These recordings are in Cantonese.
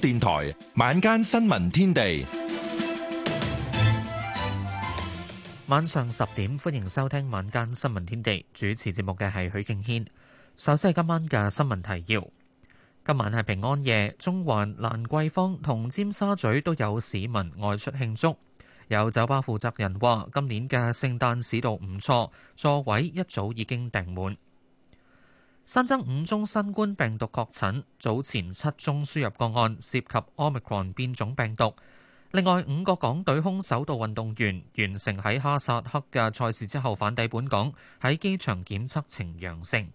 電台晚間新聞天地，晚上十點歡迎收聽晚間新聞天地。主持節目嘅係許敬軒。首先係今晚嘅新聞提要。今晚係平安夜，中環、蘭桂坊同尖沙咀都有市民外出慶祝。有酒吧負責人話，今年嘅聖誕市道唔錯，座位一早已經訂滿。新增五宗新冠病毒確診，早前七宗輸入個案涉及 omicron 變種病毒。另外五個港隊空手道運動員完成喺哈薩克嘅賽事之後返抵本港，喺機場檢測呈陽性。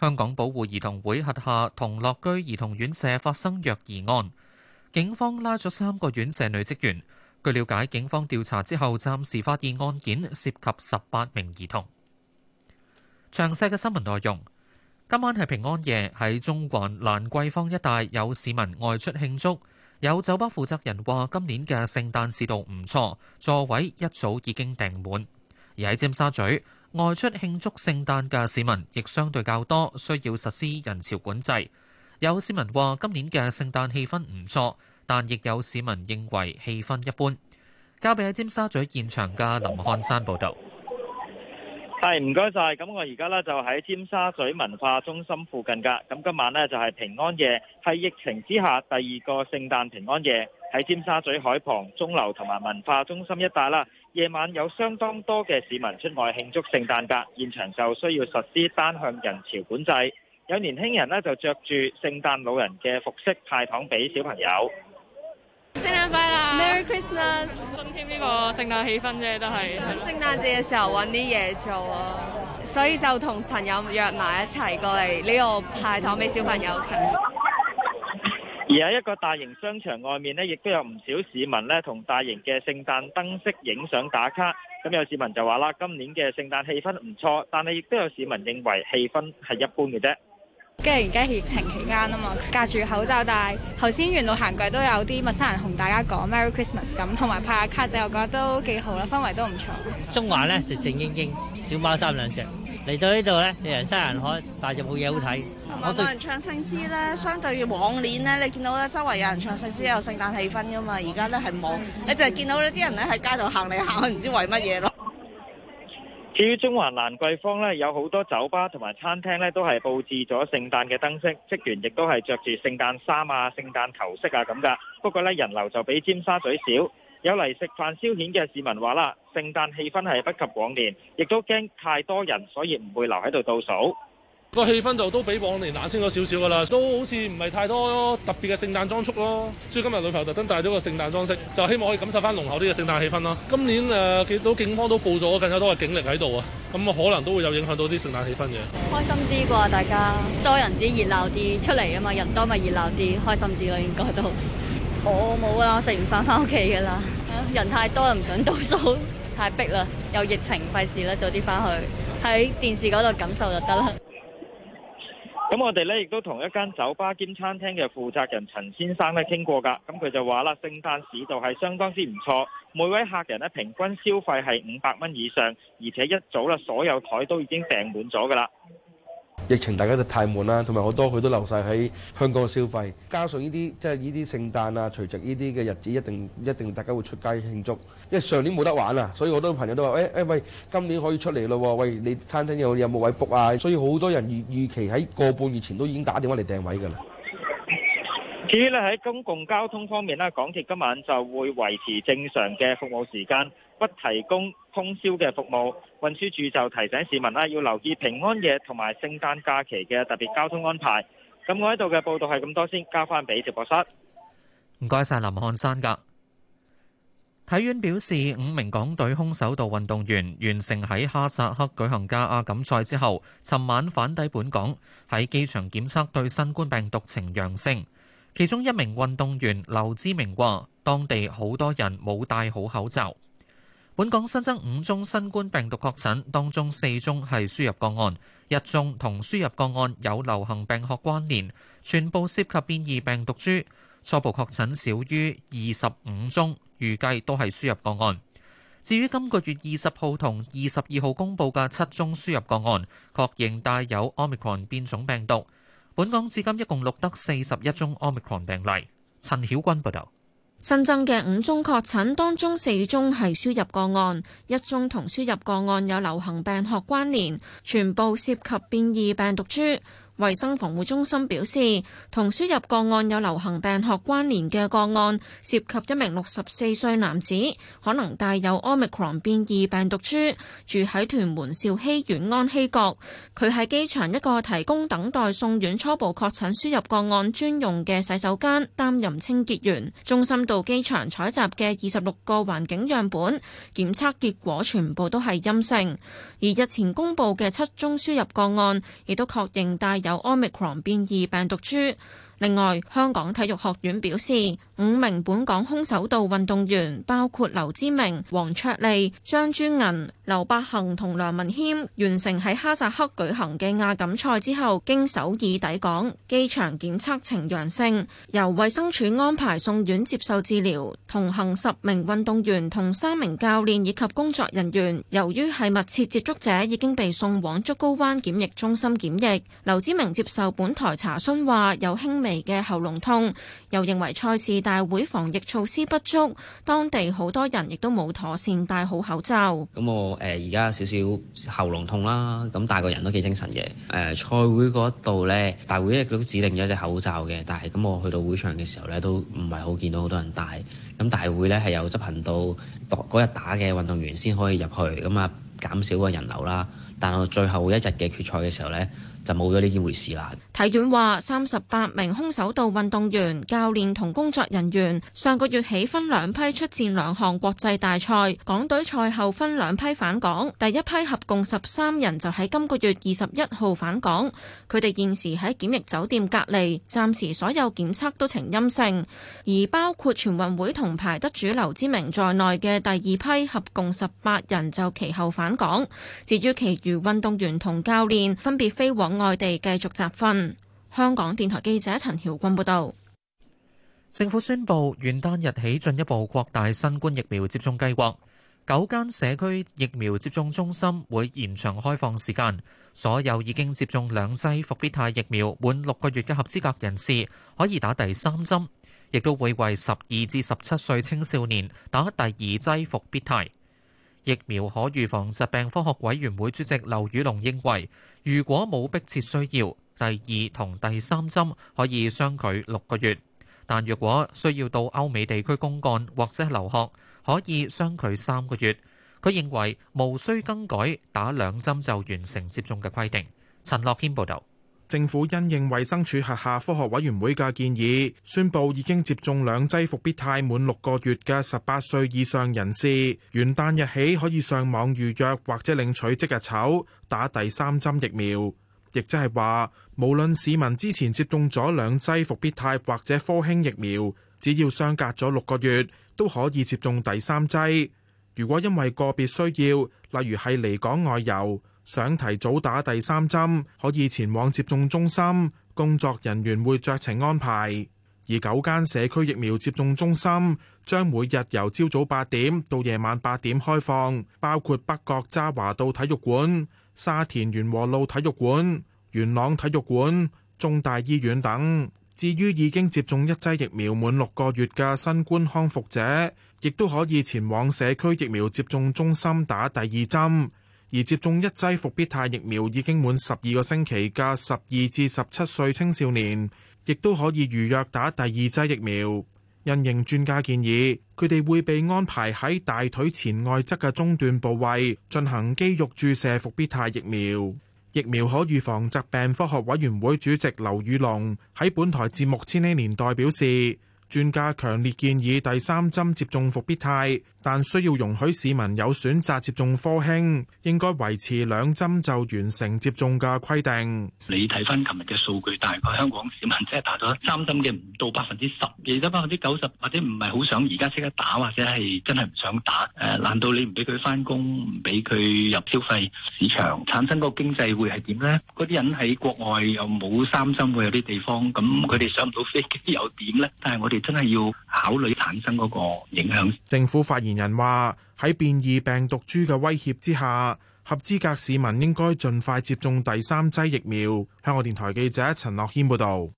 香港保護兒童會轄下同樂居兒童院舍發生虐兒案，警方拉咗三個院舍女職員。據了解，警方調查之後，暫時發現案件涉及十八名兒童。詳細嘅新聞內容，今晚係平安夜，喺中環蘭桂坊一帶有市民外出慶祝。有酒吧負責人話：今年嘅聖誕市道唔錯，座位一早已經訂滿。而喺尖沙咀外出慶祝聖誕嘅市民亦相對較多，需要實施人潮管制。有市民話：今年嘅聖誕氣氛唔錯，但亦有市民認為氣氛一般。交俾喺尖沙咀現場嘅林漢山報導。係，唔該晒。咁我而家咧就喺尖沙咀文化中心附近㗎。咁今晚呢，就係平安夜，係疫情之下第二個聖誕平安夜。喺尖沙咀海旁鐘樓同埋文化中心一帶啦，夜晚有相當多嘅市民出外慶祝聖誕㗎。現場就需要實施單向人潮管制。有年輕人呢，就着住聖誕老人嘅服飾派糖俾小朋友。聖誕快樂，Merry Christmas！增添呢個聖誕氣氛啫，都係聖誕節嘅時候揾啲嘢做啊，所以就同朋友約埋一齊過嚟呢度派糖俾小朋友食。而喺一個大型商場外面呢，亦都有唔少市民呢同大型嘅聖誕燈飾影相打卡。咁有市民就話啦，今年嘅聖誕氣氛唔錯，但係亦都有市民認為氣氛係一般嘅啫。跟住而家係疫情期間啊嘛，隔住口罩，戴。係頭先沿路行過都有啲陌生人同大家講 Merry Christmas 咁，同埋拍下卡仔，我覺得都幾好啦，氛圍都唔錯。中環咧就靜英英，小貓三兩隻。嚟到呢度咧，人山人海大，但係就冇嘢好睇。冇人唱聖詩咧，相對於往年咧，你見到咧周圍有人唱聖詩，有聖誕氣氛噶嘛。而家咧係冇，嗯，你就係見到呢啲人咧喺街度行嚟行去，唔知為乜嘢咯。至於中環蘭桂坊咧，有好多酒吧同埋餐廳咧，都係佈置咗聖誕嘅燈飾，職員亦都係着住聖誕衫啊、聖誕頭飾啊咁噶。不過咧，人流就比尖沙咀少。有嚟食飯消遣嘅市民話啦，聖誕氣氛係不及往年，亦都驚太多人，所以唔會留喺度倒數。個氣氛就都比往年冷清咗少少噶啦，都好似唔係太多特別嘅聖誕裝束咯。所以今日女朋友特登帶咗個聖誕裝飾，就希望可以感受翻濃厚啲嘅聖誕氣氛咯。今年誒，見、呃、到警方都報咗更加多嘅警力喺度啊，咁、嗯、啊可能都會有影響到啲聖誕氣氛嘅。開心啲啩，大家多人啲熱鬧啲，出嚟啊嘛，人多咪熱鬧啲，開心啲咯，應該都。我冇啊，我食完飯翻屋企噶啦。人太多唔想倒數，太逼啦，又疫情，費事啦，早啲翻去喺電視嗰度感受就得啦。咁我哋咧亦都同一間酒吧兼餐廳嘅負責人陳先生咧傾過㗎，咁佢就話啦，聖誕市道係相當之唔錯，每位客人咧平均消費係五百蚊以上，而且一早啦所有台都已經訂滿咗㗎啦。疫情大家都太悶啦，同埋好多佢都留晒喺香港嘅消費，加上呢啲即係呢啲聖誕啊，隨着呢啲嘅日子，一定一定大家會出街慶祝，因為上年冇得玩啊，所以好多朋友都話，誒誒喂，今年可以出嚟咯，喂，你餐廳有有冇位 book 啊？所以好多人預預期喺個半月前都已經打電話嚟訂位噶啦。至於咧喺公共交通方面啦，港鐵今晚就會維持正常嘅服務時間。不提供通宵嘅服務，運輸署就提醒市民啦、啊、要留意平安夜同埋聖誕假期嘅特別交通安排。咁我喺度嘅報道係咁多，先交翻俾直播室。唔該晒林漢山噶。體院表示，五名港隊空手道運動員完成喺哈薩克舉行嘅亞錦賽之後，尋晚返抵本港喺機場檢測對新冠病毒呈陽性。其中一名運動員劉之明話當地好多人冇戴好口罩。本港新增五宗新冠病毒確診，當中四宗係輸入個案，一宗同輸入個案有流行病學關聯，全部涉及變異病毒株。初步確診少於二十五宗，預計都係輸入個案。至於今個月二十號同二十二號公佈嘅七宗輸入個案，確認帶有 Omicron 變種病毒。本港至今一共錄得四十一宗 Omicron 病例。陳曉君報導。新增嘅五宗確診，當中四宗係輸入個案，一宗同輸入個案有流行病學關聯，全部涉及變異病毒株。衛生防護中心表示，同輸入個案有流行病學關聯嘅個案，涉及一名六十四歲男子，可能帶有 Omicron 變異病毒株，住喺屯門兆禧苑安禧閣。佢喺機場一個提供等待送院初步確診輸入個案專用嘅洗手間擔任清潔員。中心到機場採集嘅二十六個環境樣本檢測結果全部都係陰性，而日前公布嘅七宗輸入個案亦都確認帶有。有 Omicron 變異病毒株。另外，香港體育學院表示，五名本港空手道運動員，包括劉之明、黃卓利、張珠銀、劉百恆同梁文謙，完成喺哈薩克舉行嘅亞錦賽之後經首爾抵港，機場檢測呈陽性，由衛生署安排送院接受治療。同行十名運動員同三名教練以及工作人員由於係密切接觸者，已經被送往竹篙灣檢疫中心檢疫。劉之明接受本台查詢話有輕微嘅喉嚨痛，又認為賽事。大會防疫措施不足，當地好多人亦都冇妥善戴好口罩。咁我誒而家少少喉嚨痛啦，咁大個人都幾精神嘅。誒、呃、賽會嗰度呢，大會一直都指定咗隻口罩嘅，但係咁我去到會場嘅時候呢，都唔係好見到好多人戴。咁大會呢，係有執行到嗰日打嘅運動員先可以入去，咁啊減少個人流啦。但係我最後一日嘅決賽嘅時候呢。就冇咗呢件回事啦。體院話，三十八名空手道運動員、教練同工作人員，上個月起分兩批出戰兩項國際大賽。港隊賽後分兩批返港，第一批合共十三人就喺今個月二十一號返港，佢哋現時喺檢疫酒店隔離，暫時所有檢測都呈陰性。而包括全運會銅牌得主劉知名在內嘅第二批合共十八人就其後返港。至於其餘運動員同教練分別飛往外地繼續集訓。香港電台記者陳曉君報導。政府宣布元旦日起進一步擴大新冠疫苗接種計劃，九間社區疫苗接種中心會延長開放時間。所有已經接種兩劑復必泰疫苗滿六個月嘅合資格人士可以打第三針，亦都會為十二至十七歲青少年打第二劑復必泰。疫苗可預防疾病科學委員會主席劉宇龍認為，如果冇迫切需要，第二同第三針可以相距六個月；但如果需要到歐美地區公幹或者係留學，可以相距三個月。佢認為無需更改打兩針就完成接種嘅規定。陳樂軒報導。政府因應衛生署轄下科學委員會嘅建議，宣布已經接種兩劑復必泰滿六個月嘅十八歲以上人士，元旦日起可以上網預約或者領取即日籌打第三針疫苗。亦即係話，無論市民之前接種咗兩劑復必泰或者科興疫苗，只要相隔咗六個月，都可以接種第三劑。如果因為個別需要，例如係離港外遊，想提早打第三針，可以前往接種中心，工作人員會酌情安排。而九間社區疫苗接種中心將每日由朝早八點到夜晚八點開放，包括北角渣華道體育館、沙田元和路體育館、元朗體育館、中大醫院等。至於已經接種一劑疫苗滿六個月嘅新冠康復者，亦都可以前往社區疫苗接種中心打第二針。而接種一劑復必泰疫苗已經滿十二個星期嘅十二至十七歲青少年，亦都可以預約打第二劑疫苗。人形專家建議，佢哋會被安排喺大腿前外側嘅中段部位進行肌肉注射復必泰疫苗。疫苗可預防疾病科學委員會主席劉宇龍喺本台節目千禧年代表示。專家強烈建議第三針接種復必泰，但需要容許市民有選擇接種科興，應該維持兩針就完成接種嘅規定。你睇翻琴日嘅數據，大概香港市民即係打咗三針嘅唔到百分之十，而家百分之九十或者唔係好想而家即刻打，或者係真係唔想打。誒，難道你唔俾佢翻工，唔俾佢入消費市場，產生個經濟會係點呢？嗰啲人喺國外又冇三針會有啲地方，咁佢哋上唔到飛機又點呢？但係我哋，真係要考慮產生嗰個影響。政府發言人話：喺變異病毒株嘅威脅之下，合資格市民應該盡快接種第三劑疫苗。香港電台記者陳樂軒報導。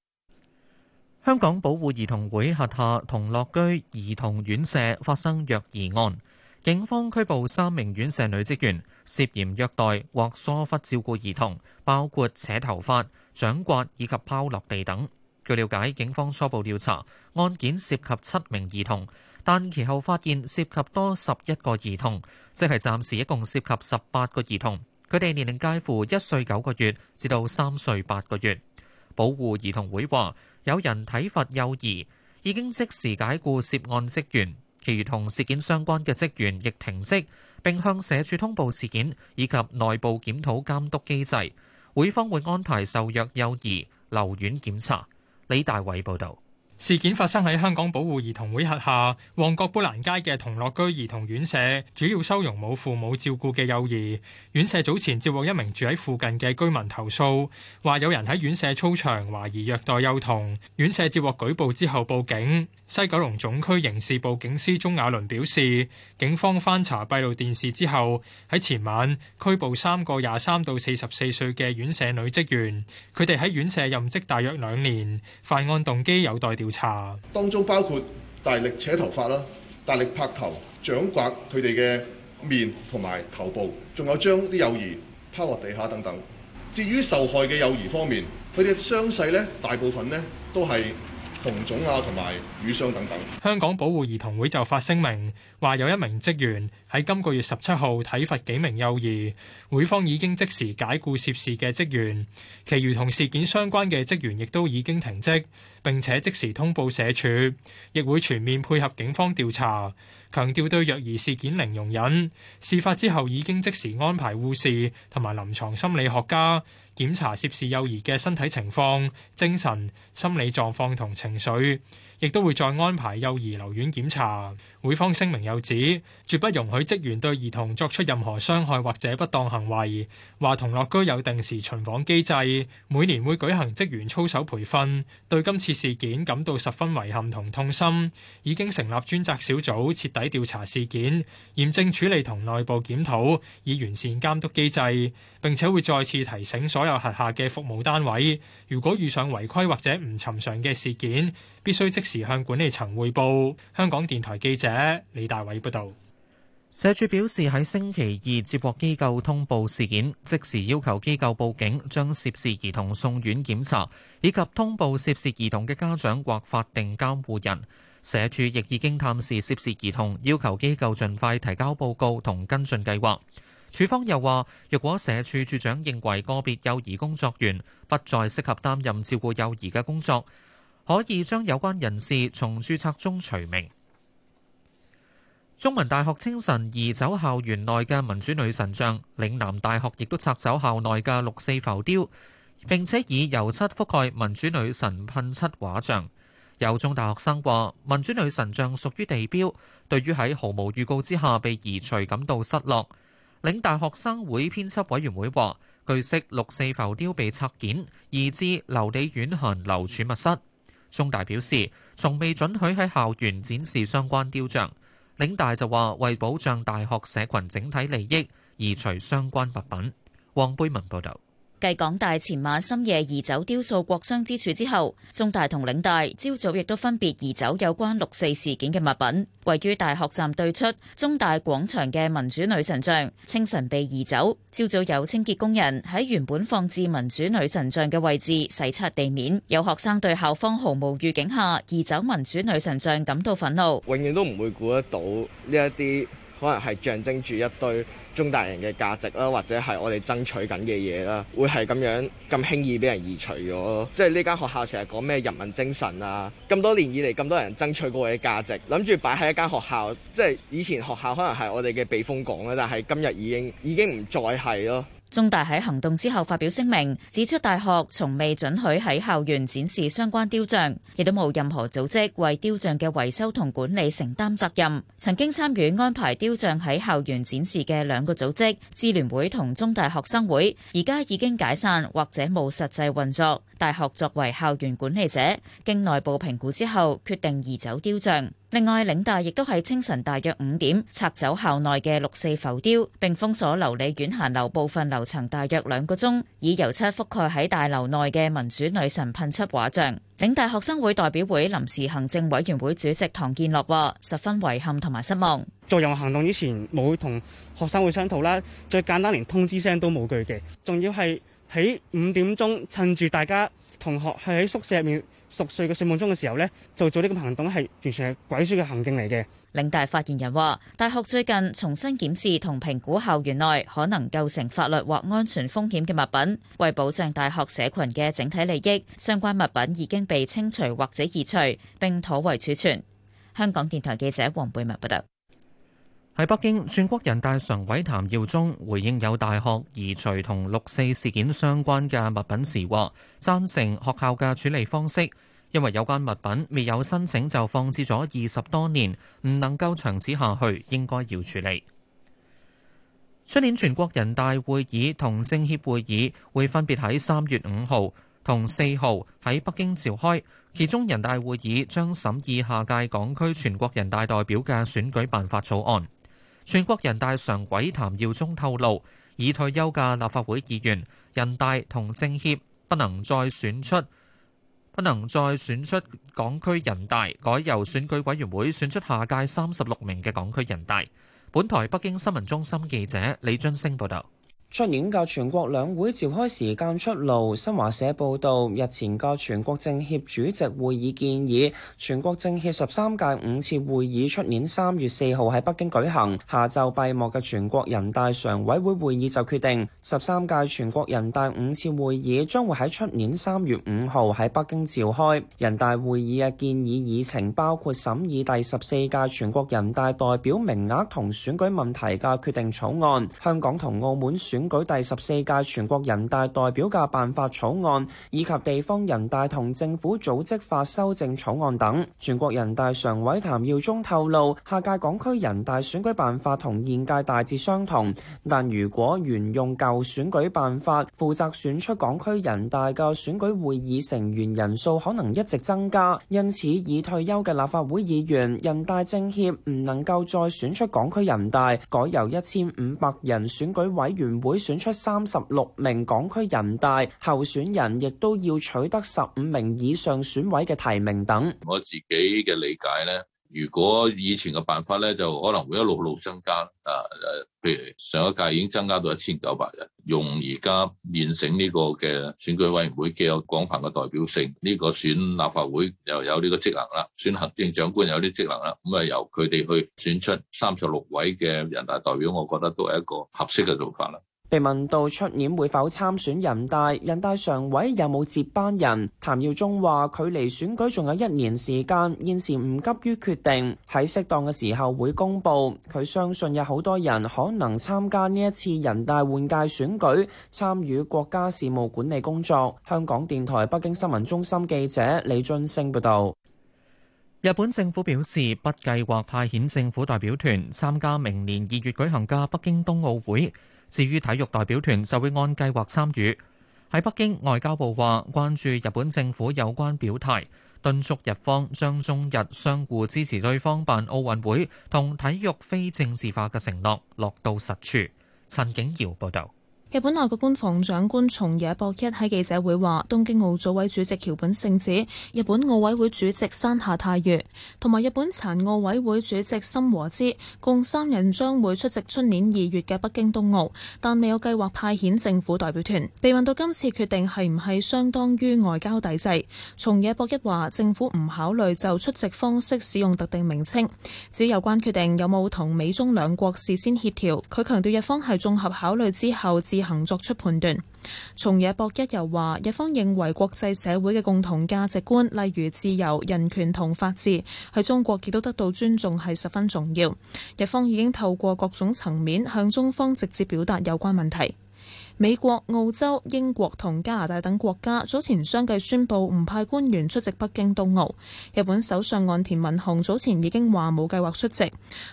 香港保護兒童會轄下同樂居兒童院舍發生虐兒案，警方拘捕三名院舍女職員，涉嫌虐待或疏忽照顧兒童，包括扯頭髮、掌摑以及拋落地等。據了解，警方初步調查案件涉及七名兒童，但其後發現涉及多十一個兒童，即係暫時一共涉及十八個兒童。佢哋年齡介乎一歲九個月至到三歲八個月。保護兒童會話有人體罰幼兒，已經即時解雇涉案職員，其餘同事件相關嘅職員亦停職，並向社署通報事件以及內部檢討監督機制。會方會安排受虐幼兒留院檢查。李大偉報道，事件發生喺香港保護兒童會轄下旺角砵蘭街嘅同樂居兒童院舍，主要收容冇父母照顧嘅幼兒。院舍早前接獲一名住喺附近嘅居民投訴，話有人喺院舍操場懷疑虐待幼童。院舍接獲舉報之後報警。西九龍總區刑事部警司鍾雅倫表示，警方翻查閉路電視之後，喺前晚拘捕三個廿三到四十四歲嘅院舍女職員，佢哋喺院舍任職大約兩年，犯案動機有待調查。當中包括大力扯頭髮啦，大力拍頭、掌摑佢哋嘅面同埋頭部，仲有將啲幼兒拋落地下等等。至於受害嘅幼兒方面，佢哋傷勢咧，大部分咧都係。同種啊，同埋乳傷等等。香港保護兒童會就發聲明，話有一名職員喺今個月十七號體罰幾名幼兒，會方已經即時解雇涉事嘅職員，其餘同事件相關嘅職員亦都已經停職，並且即時通報社署，亦會全面配合警方調查，強調對虐兒事件零容忍。事發之後已經即時安排護士同埋臨床心理學家檢查涉事幼兒嘅身體情況、精神、心理狀況同情緒。亦都會再安排幼兒留院檢查。會方聲明又指，絕不容許職員對兒童作出任何傷害或者不當行為。話同樂居有定時巡訪機制，每年會舉行職員操守培訓。對今次事件感到十分遺憾同痛心，已經成立專責小組徹底調查事件，嚴正處理同內部檢討，以完善監督機制。並且會再次提醒所有轄下嘅服務單位，如果遇上違規或者唔尋常嘅事件，必須即時向管理層匯報。香港電台記者李大偉報道。社署表示喺星期二接獲機構通報事件，即時要求機構報警，將涉事兒童送院檢查，以及通報涉事兒童嘅家長或法定監護人。社署亦已經探視涉事兒童，要求機構盡快提交報告同跟進計劃。處方又話，若果社署署長認為個別幼兒工作員不再適合擔任照顧幼兒嘅工作。可以將有關人士從註冊中除名。中文大學清晨移走校園內嘅民主女神像，嶺南大學亦都拆走校內嘅六四浮雕，並且以油漆覆蓋民主女神噴漆畫像。有中大學生話：民主女神像屬於地標，對於喺毫無預告之下被移除感到失落。嶺大學生會編輯委員會話：據悉，六四浮雕被拆件，移至樓地遠含流儲物室。中大表示，從未准許喺校園展示相關雕像。領大就話為保障大學社群整體利益，移除相關物品。黃貝文報道。繼港大前晚深夜移走雕塑「國殤之柱之後，中大同嶺大朝早亦都分別移走有關六四事件嘅物品。位於大學站對出中大廣場嘅民主女神像，清晨被移走。朝早有清潔工人喺原本放置民主女神像嘅位置洗刷地面，有學生對校方毫無預警下移走民主女神像感到憤怒。永遠都唔會估得到呢一啲可能係象徵住一堆。中大人嘅價值啦，或者係我哋爭取緊嘅嘢啦，會係咁樣咁輕易俾人移除咗。即係呢間學校成日講咩人民精神啊，咁多年以嚟咁多人爭取過我嘅價值，諗住擺喺一間學校，即係以前學校可能係我哋嘅避風港啦，但係今日已經已經唔再係咯。中大喺行動之後發表聲明，指出大學從未准許喺校園展示相關雕像，亦都冇任何組織為雕像嘅維修同管理承擔責任。曾經參與安排雕像喺校園展示嘅兩個組織，支聯會同中大學生會，而家已經解散或者冇實際運作。大學作為校園管理者，經內部評估之後，決定移走雕像。另外，領大亦都喺清晨大約五點拆走校內嘅六四浮雕，並封鎖琉璃院行樓部分樓層大約兩個鐘，以油漆覆蓋喺大樓內嘅民主女神噴漆畫像。領大學生會代表會臨時行政委員會主席唐建樂話：十分遺憾同埋失望，做任何行動之前冇同學生會商討啦，最簡單連通知聲都冇句嘅，仲要係喺五點鐘趁住大家同學係喺宿舍入面。熟睡嘅睡夢中嘅時候呢，就做呢個行動係完全係鬼書嘅行徑嚟嘅。嶺大發言人話，大學最近重新檢視同評估校園內可能構成法律或安全風險嘅物品，為保障大學社群嘅整體利益，相關物品已經被清除或者移除，並妥為儲存。香港電台記者黃貝文報道。喺北京，全國人大常委譚耀宗回應有大學移除同六四事件相關嘅物品時話，話贊成學校嘅處理方式，因為有關物品未有申請就放置咗二十多年，唔能夠長此下去，應該要處理。出年全國人大會議同政協會議會分別喺三月五號同四號喺北京召開，其中人大會議將審議下屆港區全國人大代表嘅選舉辦法草案。全國人大常委譚耀宗透露，已退休嘅立法會議員、人大同政協不能再選出，不能再選出港區人大，改由選舉委員會選出下屆三十六名嘅港區人大。本台北京新聞中心記者李俊升報道。出年嘅全國兩會召開時間出爐，新華社報導，日前個全國政協主席會議建議，全國政協十三屆五次會議出年三月四號喺北京舉行。下晝閉幕嘅全國人大常委會會議就決定，十三屆全國人大五次會議將會喺出年三月五號喺北京召開。人大會議嘅建議議程包括審議第十四屆全國人大代表名額同選舉問題嘅決定草案，香港同澳門選選舉第十四屆全國人大代表嘅辦法草案，以及地方人大同政府組織法修正草案等。全國人大常委譚耀宗透露，下屆港區人大選舉辦法同現屆大致相同，但如果沿用舊選舉辦法，負責選出港區人大嘅選舉會議成員人數可能一直增加，因此已退休嘅立法會議員、人大政協唔能夠再選出港區人大，改由一千五百人選舉委員會會選出三十六名港區人大候選人，亦都要取得十五名以上選委嘅提名等。我自己嘅理解咧，如果以前嘅辦法咧，就可能會一路路增加啊誒，譬如上一屆已經增加到一千九百人。用而家現成呢個嘅選舉委員會嘅有廣泛嘅代表性，呢個選立法會又有呢個職能啦，選行政長官有啲職能啦，咁啊由佢哋去選出三十六位嘅人大代表，我覺得都係一個合適嘅做法啦。被問到出年會否參選人大，人大常委有冇接班人？譚耀宗話：距離選舉仲有一年時間，現時唔急於決定，喺適當嘅時候會公布。佢相信有好多人可能參加呢一次人大換屆選舉，參與國家事務管理工作。香港電台北京新聞中心記者李津星報道。日本政府表示不計劃派遣政府代表團參加明年二月舉行嘅北京冬奧會。至於體育代表團就會按計劃參與。喺北京外交部話，關注日本政府有關表態，敦促日方將中日相互支持對方辦奧運會同體育非政治化嘅承諾落到實處。陳景堯報導。日本內閣官房長官松野博一喺記者會話：東京奧組委主席橋本聖子、日本奧委會主席山下泰裕同埋日本殘奧委會主席森和之，共三人將會出席出年二月嘅北京冬奧，但未有計劃派遣政府代表團。被問到今次決定係唔係相當於外交抵制，松野博一話：政府唔考慮就出席方式使用特定名稱。至於有關決定有冇同美中兩國事先協調，佢強調日方係綜合考慮之後至行作出判斷。松野博一又話：日方認為國際社會嘅共同價值觀，例如自由、人權同法治，喺中國亦都得到尊重，係十分重要。日方已經透過各種層面向中方直接表達有關問題。美國、澳洲、英國同加拿大等國家早前相繼宣布唔派官員出席北京冬奧。日本首相岸田文雄早前已經話冇計劃出席。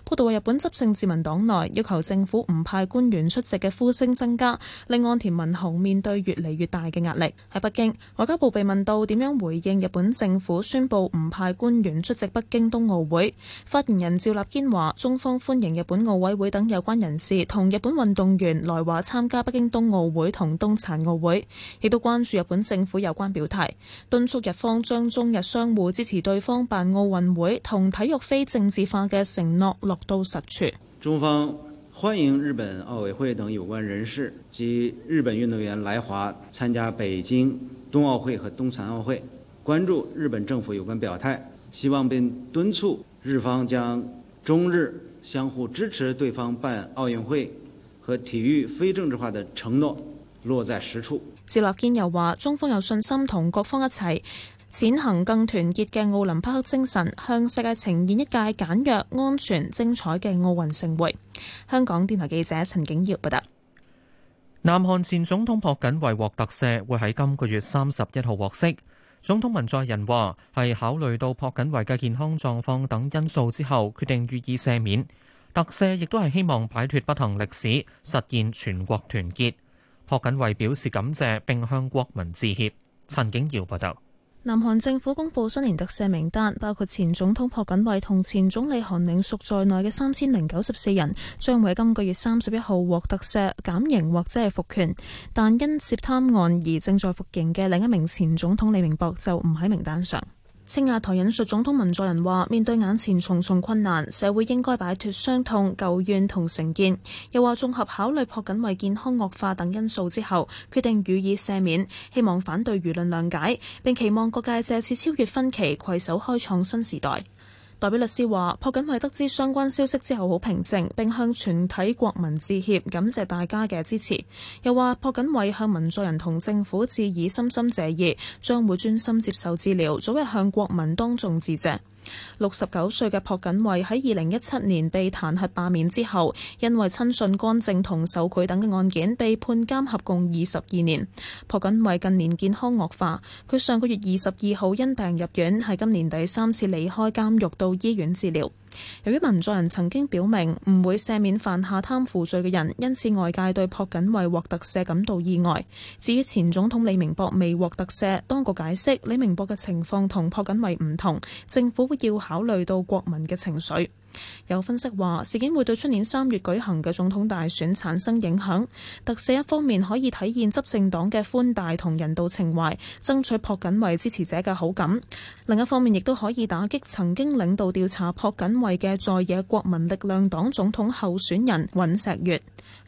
報道喺日本執政自民黨內要求政府唔派官員出席嘅呼聲增加，令岸田文雄面對越嚟越大嘅壓力。喺北京，外交部被問到點樣回應日本政府宣布唔派官員出席北京冬奧會，發言人趙立堅話：中方歡迎日本奧委會等有關人士同日本運動員來華參加北京冬奧。奧運會同冬殘奧會，亦都關注日本政府有關表態，敦促日方將中日相互支持對方辦奧運會同體育非政治化嘅承諾落到實處。中方歡迎日本奧委會等有關人士及日本運動員來華參加北京冬奧會和冬殘奧會，關注日本政府有關表態，希望並敦促日方將中日相互支持對方辦奧運會。和體育非政治化的承諾落在實處。趙立堅又話：中方有信心同各方一齊踐行更團結嘅奧林匹克精神，向世界呈現一屆簡約、安全、精彩嘅奧運盛會。香港電台記者陳景業報道。南韓前總統朴槿惠獲特赦，會喺今個月三十一號獲釋。總統文在寅話：係考慮到朴槿惠嘅健康狀況等因素之後，決定予以赦免。特赦亦都係希望擺脱不幸歷史，實現全國團結。朴槿惠表示感謝並向國民致歉。陳景耀報導。南韓政府公布新年特赦名單，包括前總統朴槿惠同前總理韓明淑在內嘅三千零九十四人將會今個月三十一號獲特赦減刑或者係復權，但因涉貪案而正在服刑嘅另一名前總統李明博就唔喺名單上。青瓦台引述總統文在寅話：面對眼前重重困難，社會應該擺脱傷痛、舊怨同成見。又話綜合考慮朴槿惠健康惡化等因素之後，決定予以赦免，希望反對輿論諒解，並期望各界借此超越分歧，攜手開創新時代。代表律師話：朴槿惠得知相關消息之後好平靜，並向全體國民致歉，感謝大家嘅支持。又話朴槿惠向民族人同政府致以深深謝意，將會專心接受治療，早日向國民當眾致謝。六十九歲嘅朴槿惠喺二零一七年被彈劾罷免之後，因為親信干政同受賄等嘅案件被判監合共二十二年。朴槿惠近年健康惡化，佢上個月二十二號因病入院，係今年第三次離開監獄到醫院治療。由於文在寅曾經表明唔會赦免犯下貪腐罪嘅人，因此外界對朴槿惠獲特赦感到意外。至於前總統李明博未獲特赦，當局解釋李明博嘅情況同朴槿惠唔同，政府要考慮到國民嘅情緒。有分析話，事件會對出年三月舉行嘅總統大選產生影響。特赦一方面可以體現執政黨嘅寬大同人道情懷，爭取朴槿惠支持者嘅好感；另一方面亦都可以打擊曾經領導調查朴槿惠嘅在野國民力量黨總統候選人尹錫悅。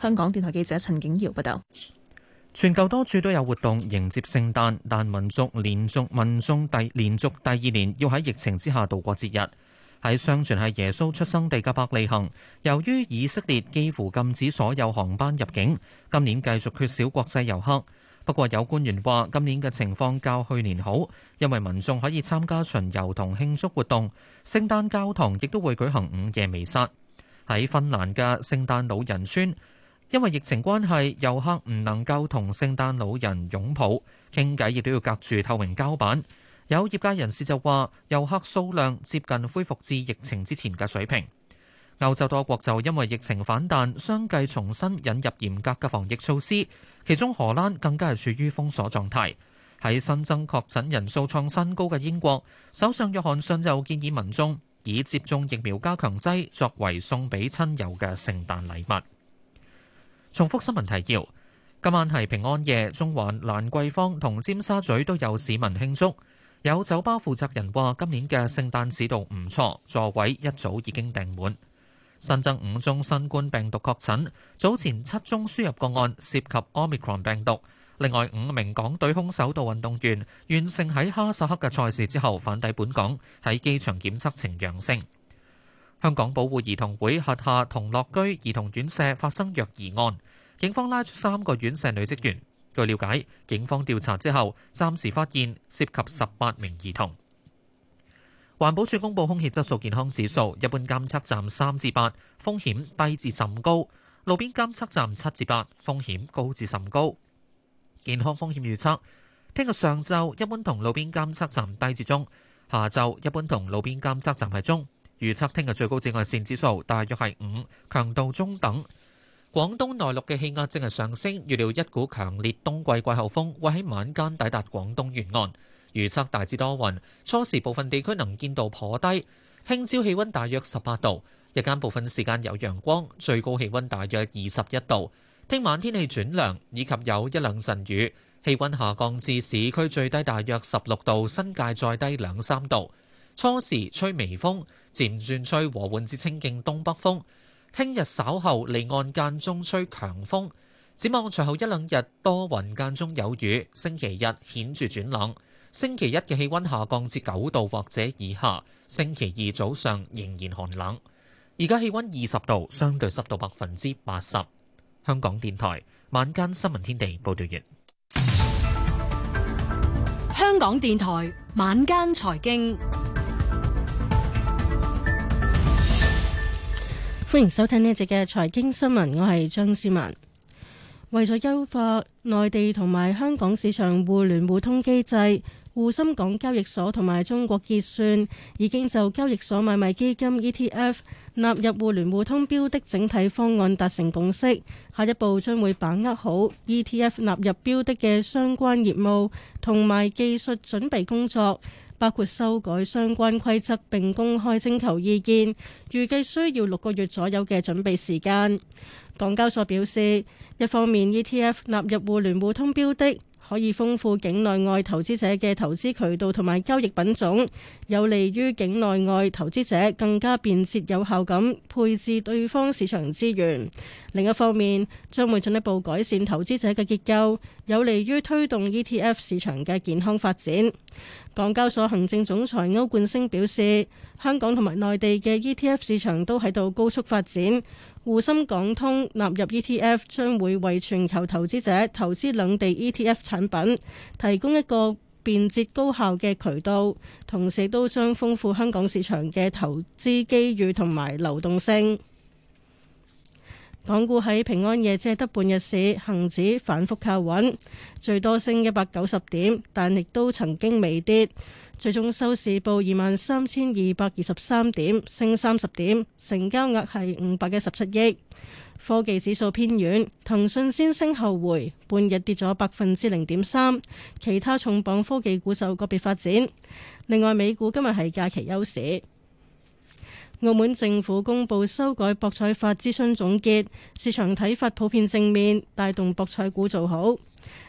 香港電台記者陳景堯報道。全球多處都有活動迎接聖誕，但民族連續民眾第連續第二年要喺疫情之下度過節日。喺相傳係耶穌出生地嘅伯利恆，由於以色列幾乎禁止所有航班入境，今年繼續缺少國際遊客。不過有官員話，今年嘅情況較去年好，因為民眾可以參加巡遊同慶祝活動，聖誕教堂亦都會舉行午夜彌撒。喺芬蘭嘅聖誕老人村，因為疫情關係，遊客唔能夠同聖誕老人擁抱、傾偈，亦都要隔住透明膠板。有業界人士就話，遊客數量接近恢復至疫情之前嘅水平。歐洲多國就因為疫情反彈，相繼重新引入嚴格嘅防疫措施，其中荷蘭更加係處於封鎖狀態。喺新增確診人數創新高嘅英國，首相約翰遜就建議民眾以接種疫苗加強劑作為送俾親友嘅聖誕禮物。重複新聞提要：今晚係平安夜，中環蘭桂坊同尖沙咀都有市民慶祝。有酒吧負責人話：今年嘅聖誕市道唔錯，座位一早已經訂滿。新增五宗新冠病毒確診，早前七宗輸入個案涉及 Omicron 病毒。另外五名港隊空手道運動員完成喺哈薩克嘅賽事之後返抵本港，喺機場檢測呈陽性。香港保護兒童會轄下同樂居兒童院舍發生虐兒案，警方拉出三個院舍女職員。據了解，警方調查之後，暫時發現涉及十八名兒童。環保署公布空氣質素健康指數，一般監測站三至八，風險低至甚高；路邊監測站七至八，風險高至甚高。健康風險預測：聽日上晝一般同路邊監測站低至中，下晝一般同路邊監測站係中。預測聽日最高紫外線指數大約係五，強度中等。廣東內陸嘅氣壓正係上升，預料一股強烈冬季季候風會喺晚間抵達廣東沿岸。預測大致多雲，初時部分地區能見度頗低，聽朝氣温大約十八度，日間部分時間有陽光，最高氣温大約二十一度。聽晚天氣轉涼，以及有一兩陣雨，氣温下降至市區最低大約十六度，新界再低兩三度。初時吹微風，漸轉吹和緩至清勁東北風。聽日稍後離岸間中吹強風，展望隨後一兩日多雲間中有雨。星期日顯著轉冷，星期一嘅氣溫下降至九度或者以下。星期二早上仍然寒冷。而家氣溫二十度，相對濕度百分之八十。香港電台晚間新聞天地報道完。香港電台晚間財經。歡迎收聽呢一節嘅財經新聞，我係張思文。為咗優化內地同埋香港市場互聯互通機制，滬深港交易所同埋中國結算已經就交易所買賣基金 ETF 納入互聯互通標的整體方案達成共識，下一步將會把握好 ETF 納入標的嘅相關業務同埋技術準備工作。包括修改相關規則並公開徵求意見，預計需要六個月左右嘅準備時間。港交所表示，一方面 ETF 納入互聯互通標的，可以豐富境內外投資者嘅投資渠道同埋交易品種，有利於境內外投資者更加便捷有效咁配置對方市場資源。另一方面，將會進一步改善投資者嘅結構，有利於推動 ETF 市場嘅健康發展。港交所行政總裁歐冠昇表示，香港同埋內地嘅 ETF 市場都喺度高速發展。滬深港通納入 ETF 將會為全球投資者投資兩地 ETF 產品提供一個便捷高效嘅渠道，同時都將豐富香港市場嘅投資機遇同埋流動性。港股喺平安夜借得半日市，恒指反覆靠穩，最多升一百九十點，但亦都曾經微跌。最終收市報二萬三千二百二十三點，升三十點，成交額係五百一十七億。科技指數偏軟，騰訊先升後回，半日跌咗百分之零點三，其他重磅科技股就個別發展。另外，美股今日係假期休市。澳門政府公布修改博彩法諮詢總結，市場睇法普遍正面，帶動博彩股做好。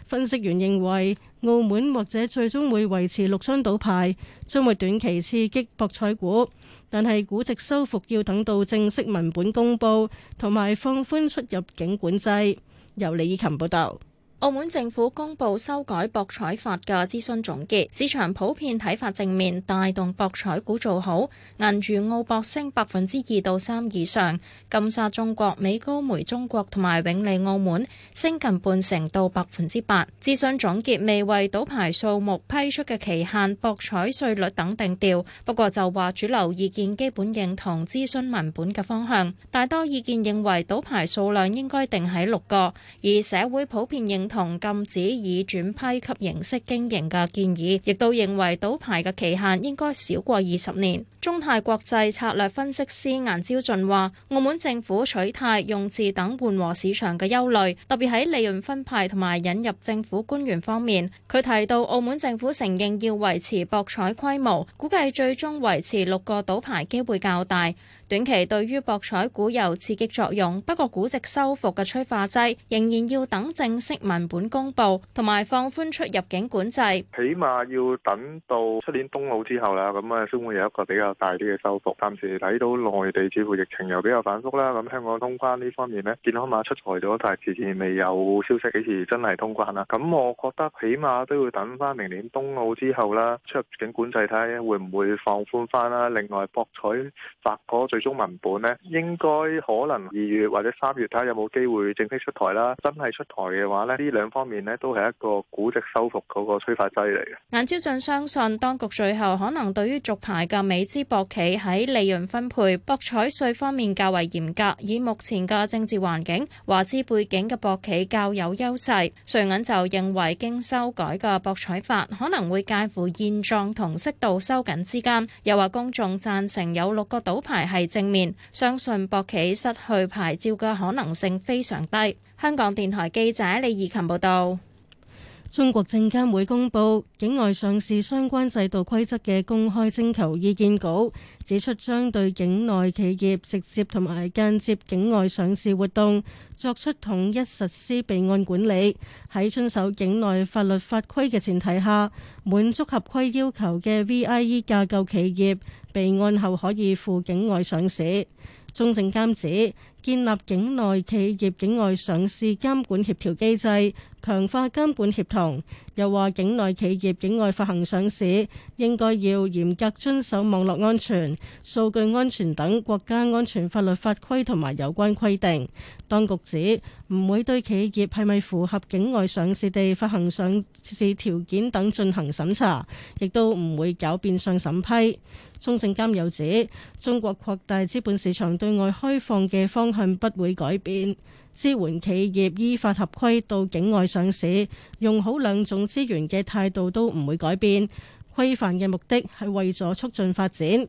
分析員認為，澳門或者最終會維持六張賭牌，將會短期刺激博彩股，但係估值收復要等到正式文本公布同埋放寬出入境管制。由李以琴報道。澳門政府公布修改博彩法嘅諮詢總結，市場普遍睇法正面，帶動博彩股做好。銀娛、澳博升百分之二到三以上，金沙中國、美高梅中國同埋永利澳門升近半成到百分之八。諮詢總結未為賭牌數目、批出嘅期限、博彩稅率等定調，不過就話主流意見基本認同諮詢文本嘅方向，大多意見認為賭牌數量應該定喺六個，而社會普遍認。同禁止以轉批及形式經營嘅建議，亦都認為賭牌嘅期限應該少過二十年。中泰國際策略分析師顏昭俊話：澳門政府取態用字等緩和市場嘅憂慮，特別喺利潤分派同埋引入政府官員方面。佢提到，澳門政府承認要維持博彩規模，估計最終維持六個賭牌機會較大。短期對於博彩股有刺激作用，不過估值修復嘅催化劑仍然要等正式文本公布同埋放寬出入境管制。起碼要等到出年冬奧之後啦，咁啊先會有一個比較大啲嘅修復。暫時睇到內地似乎疫情又比較反覆啦，咁香港通關呢方面呢，健康碼出台咗，但係遲遲未有消息幾時真係通關啦。咁我覺得起碼都要等翻明年冬奧之後啦，出入境管制睇下會唔會放寬翻啦。另外博彩法最中文本咧，應該可能二月或者三月睇下有冇機會正式出台啦。真係出台嘅話咧，呢兩方面咧都係一個估值修復嗰個催化劑嚟嘅。晏昭俊相信當局最後可能對於續牌嘅美資博企喺利潤分配博彩稅方面較為嚴格。以目前嘅政治環境，華資背景嘅博企較有優勢。瑞銀就認為經修改嘅博彩法可能會介乎現狀同適度收緊之間。又話公眾贊成有六個賭牌係。正面相信博企失去牌照嘅可能性非常低。香港電台記者李怡琴報道。中國證監會公布境外上市相關制度規則嘅公開徵求意見稿，指出將對境內企業直接同埋間接境外上市活動作出統一實施備案管理。喺遵守境內法律法規嘅前提下，滿足合規要求嘅 VIE 架構企業。備案後可以赴境外上市。中證監指建立境內企業境外上市監管協調機制，強化監管協同。又話，境內企業境外發行上市應該要嚴格遵守網絡安全、數據安全等國家安全法律法規同埋有關規定。當局指唔會對企業係咪符合境外上市地發行上市條件等進行審查，亦都唔會搞變相審批。中證監又指，中國擴大資本市場對外開放嘅方向不會改變，支援企業依法合規到境外上市，用好兩種資源嘅態度都唔會改變。規範嘅目的係為咗促進發展。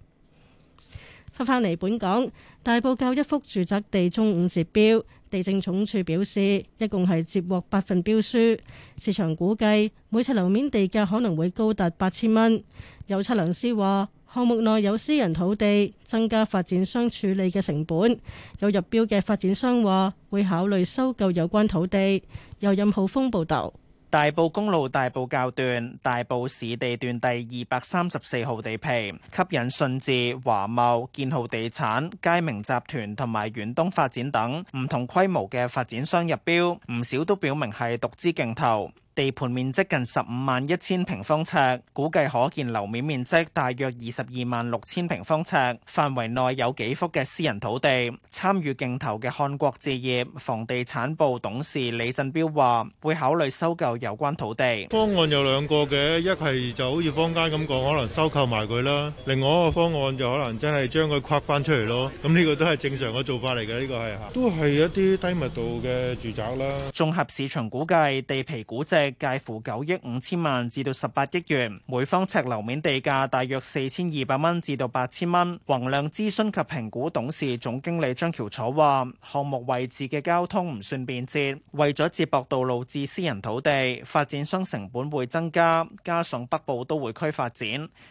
翻返嚟，本港大埔教一幅住宅地中午截標，地政總署表示一共係接獲八份標書，市場估計每尺樓面地價可能會高達八千蚊。有測量師話，項目內有私人土地，增加發展商處理嘅成本。有入標嘅發展商話會考慮收購有關土地。由任浩峰報道。大埔公路大埔滘段大埔市地段第二百三十四號地皮，吸引信置、華懋、建浩地產、佳明集團同埋遠東發展等唔同規模嘅發展商入標，唔少都表明係獨資競投。地盤面積近十五萬一千平方尺，估計可建樓面面積大約二十二萬六千平方尺。範圍內有幾幅嘅私人土地。參與競投嘅漢國置業房地產部董事李振彪話：會考慮收購有關土地。方案有兩個嘅，一係就好似坊間咁講，可能收購埋佢啦；另外一個方案就可能真係將佢框翻出嚟咯。咁、這、呢個都係正常嘅做法嚟嘅，呢、這個係吓。都係一啲低密度嘅住宅啦。綜合市場估計，地皮估值，介乎九億五千萬至到十八億元，每方尺樓面地價大約四千二百蚊至到八千蚊。宏亮諮詢及評估董事總經理張喬楚話：項目位置嘅交通唔算便捷，為咗接駁道路至私人土地，發展商成本會增加。加上北部都會區發展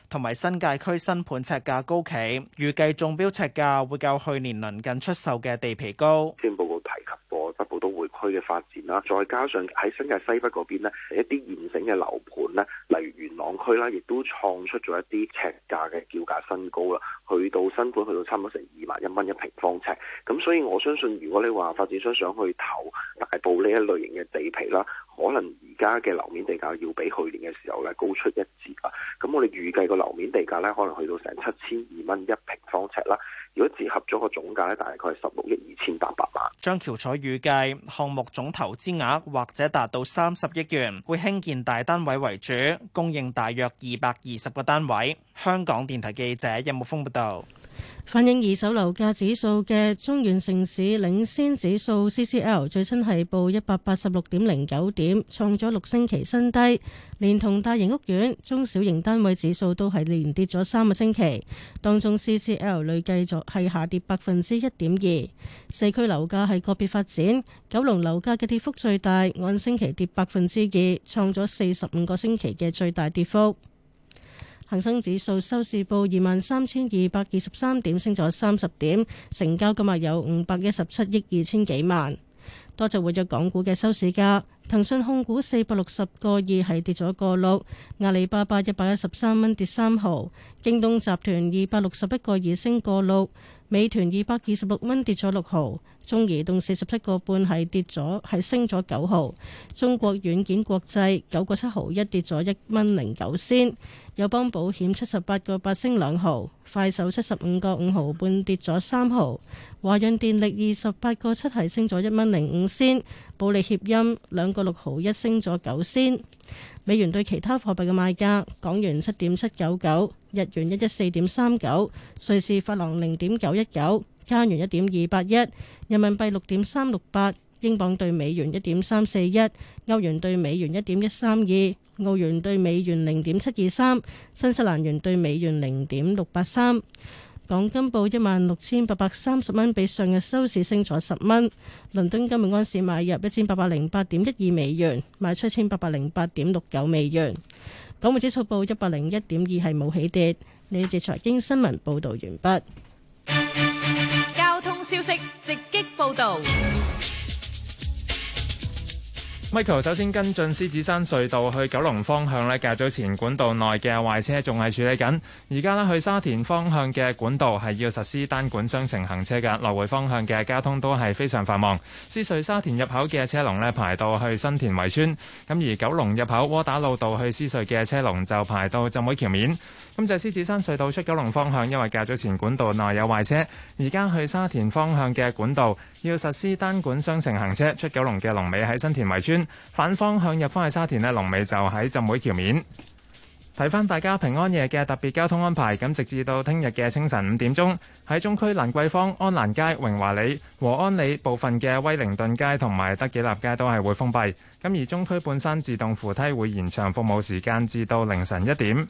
同埋新界區新盤尺價高企，預計中標尺價會較去年鄰近出售嘅地皮高。區嘅發展啦，再加上喺新界西北嗰邊呢，一啲現成嘅樓盤呢，例如元朗區啦，亦都創出咗一啲尺價嘅叫價新高啦，去到新盤去到差唔多成二萬一蚊一平方尺，咁所以我相信，如果你話發展商想去投大埔呢一類型嘅地皮啦，可能。家嘅樓面地價要比去年嘅時候咧高出一截啦，咁我哋預計個樓面地價咧可能去到成七千二蚊一平方尺啦。如果折合咗個總價咧，大概係十六億二千八百萬。張橋彩預計項目總投資額或者達到三十億元，會興建大單位為主，供應大約二百二十個單位。香港電台記者任木峯報道。反映二手樓價指數嘅中原城市領先指數 CCL 最新係報一百八十六點零九點，創咗六星期新低。連同大型屋苑中小型單位指數都係連跌咗三個星期。當中 CCL 累計咗係下跌百分之一點二。四區樓價係個別發展，九龍樓價嘅跌幅最大，按星期跌百分之二，創咗四十五個星期嘅最大跌幅。恆生指數收市報二萬三千二百二十三點，升咗三十點，成交金額有五百一十七億二千幾萬。多隻活躍港股嘅收市價，騰訊控股四百六十個二係跌咗個六，阿里巴巴一百一十三蚊跌三毫，京東集團二百六十一個二升個六，美團二百二十六蚊跌咗六毫。中移動四十七個半係跌咗，係升咗九毫；中國軟件國際九個七毫一跌咗一蚊零九仙；友邦保險七十八個八升兩毫；快手七十五個五毫半跌咗三毫；華潤電力二十八個七係升咗一蚊零五仙；保利協鑫兩個六毫一升咗九仙。美元對其他貨幣嘅賣價：港元七點七九九，日元一一四點三九，瑞士法郎零點九一九。加元一點二八一，人民幣六點三六八，英鎊兌美元一點三四一，歐元兌美元一點一三二，澳元兌美元零點七二三，新西蘭元兌美元零點六八三。港金報一萬六千八百三十蚊，比上日收市升咗十蚊。倫敦金每安士買入一千八百零八點一二美元，賣出一千八百零八點六九美元。港匯指數報一百零一點二，係冇起跌。呢節財經新聞報道完畢。消息直擊報道。Michael 首先跟進獅子山隧道去九龍方向呢，較早前管道內嘅壞車仲係處理緊。而家呢去沙田方向嘅管道係要實施單管雙程行車嘅，來回方向嘅交通都係非常繁忙。獅隧沙田入口嘅車龍呢排到去新田圍村，咁而九龍入口窩打老道去獅隧嘅車龍就排到浸會橋面。咁就係獅子山隧道出九龍方向，因為較早前管道內有壞車，而家去沙田方向嘅管道。要實施單管雙程行車，出九龍嘅龍尾喺新田圍村，反方向入翻去沙田咧，龍尾就喺浸會橋面。睇翻大家平安夜嘅特別交通安排，咁直至到聽日嘅清晨五點鐘，喺中區蘭桂坊、安蘭街、榮華里、和安里部分嘅威靈頓街同埋德己立街都係會封閉。咁而中區半山自動扶梯會延長服務時間至到凌晨一點。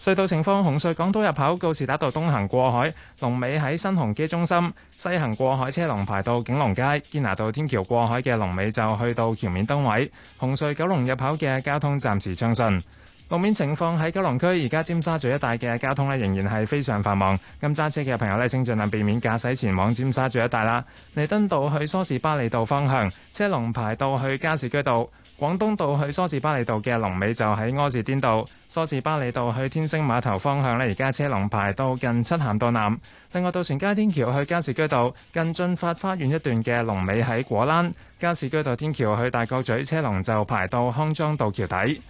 隧道情況：紅隧港島入口告士打道東行過海，龍尾喺新鴻基中心；西行過海車龍排到景隆街、堅拿道天橋過海嘅龍尾就去到橋面燈位。紅隧九龍入口嘅交通暫時暢順。路面情況，喺九龍區，而家尖沙咀一帶嘅交通呢仍然係非常繁忙，咁揸車嘅朋友呢，請盡量避免駕駛前往尖沙咀一帶啦。彌敦道去梳士巴利道方向車龍排到去加士居道。廣東道去梳士巴利道嘅龍尾就喺柯士甸道；梳士巴利道去天星碼頭方向咧，而家車龍排到近漆咸道南；另外，渡船街天橋去加士居道近駿發花園一段嘅龍尾喺果欄；加士居道天橋去大角咀，車龍就排到康莊道橋底。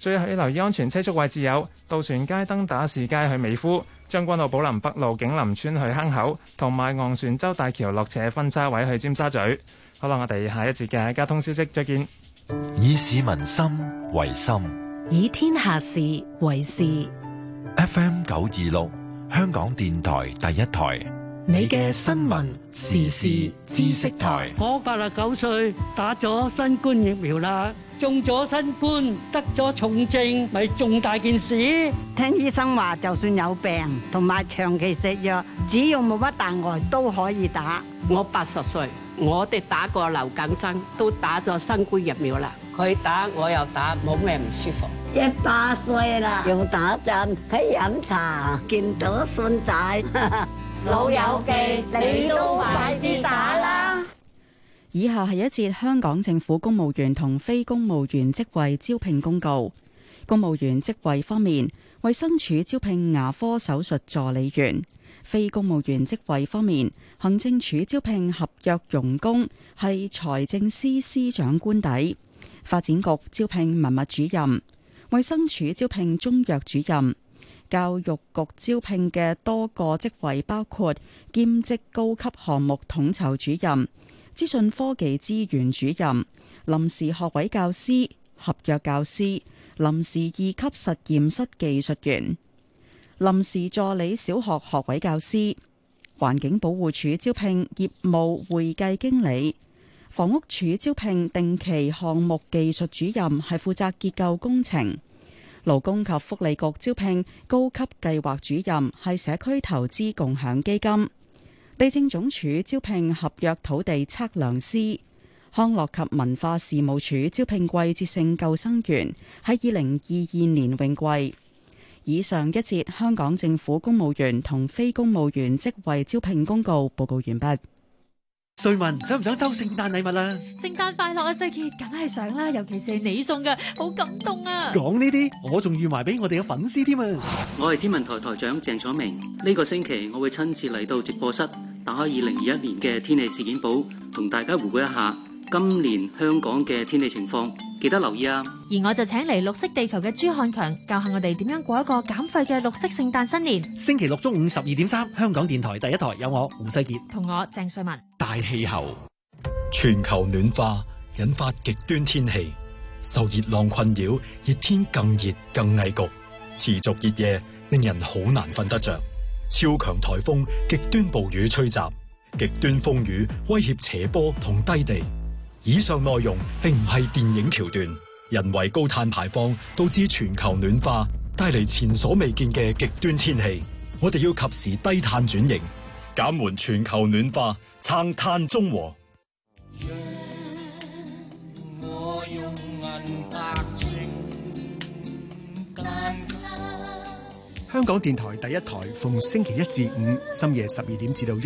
最後要留意安全車速位置有渡船街、登打士街去美孚將軍澳寶林北路景林村去坑口，同埋昂船洲大橋落斜分叉位去尖沙咀。好啦，我哋下一節嘅交通消息再見。以市民心為心，以天下事為事。FM 九二六，香港電台第一台。你嘅新聞時事知識台。我八十九歲，打咗新冠疫苗啦，中咗新冠，得咗重症，咪重大件事。聽醫生話，就算有病同埋長期食藥，只要冇乜大礙都可以打。我八十歲，我哋打過流感針，都打咗新冠疫苗啦。佢打，我又打，冇咩唔舒服。一百歲啦，用打針，喺飲茶，見到孫仔。老友記，你都快啲打啦！以下係一節香港政府公務員同非公務員職位招聘公告。公務員職位方面，衛生署招聘牙科手術助理員；非公務員職位方面，行政署招聘合約傭工，係財政司司長官邸；發展局招聘文物主任，衛生署招聘中藥主任。教育局招聘嘅多個職位，包括兼職高級項目統籌主任、資訊科技資源主任、臨時學位教師、合約教師、臨時二級實驗室技術員、臨時助理小學學位教師，環境保護署招聘業務會計經理、房屋署招聘定期項目技術主任，係負責結構工程。勞工及福利局招聘高級計劃主任，係社區投資共享基金；地政總署招聘合約土地測量師；康樂及文化事務署招聘季節性救生員，喺二零二二年泳季。以上一節香港政府公務員同非公務員職位招聘公告報告完畢。瑞文想唔想收聖誕禮物啊？聖誕快樂啊！世杰梗係想啦，尤其是係你送嘅，好感動啊！講呢啲，我仲預埋俾我哋嘅粉絲添啊！我係天文台台長鄭楚明，呢個星期我會親自嚟到直播室，打開二零二一年嘅天氣事件簿，同大家回顧一下今年香港嘅天氣情況。記得留意啊！而我就請嚟綠色地球嘅朱漢強教下我哋點樣過一個減廢嘅綠色聖誕新年。星期六中午十二點三，香港電台第一台有我胡世杰同我鄭瑞文。大氣候，全球暖化引發極端天氣，受熱浪困擾，熱天更熱更危局，持續熱夜令人好難瞓得着。超強台風、極端暴雨吹襲，極端風雨威脅斜坡同低地。以上內容並唔係電影橋段。人為高碳排放導致全球暖化，帶嚟前所未見嘅極端天氣。我哋要及時低碳轉型，減緩全球暖化，撐碳中和。Yeah, 香港電台第一台逢星期一至五深夜十二點至到。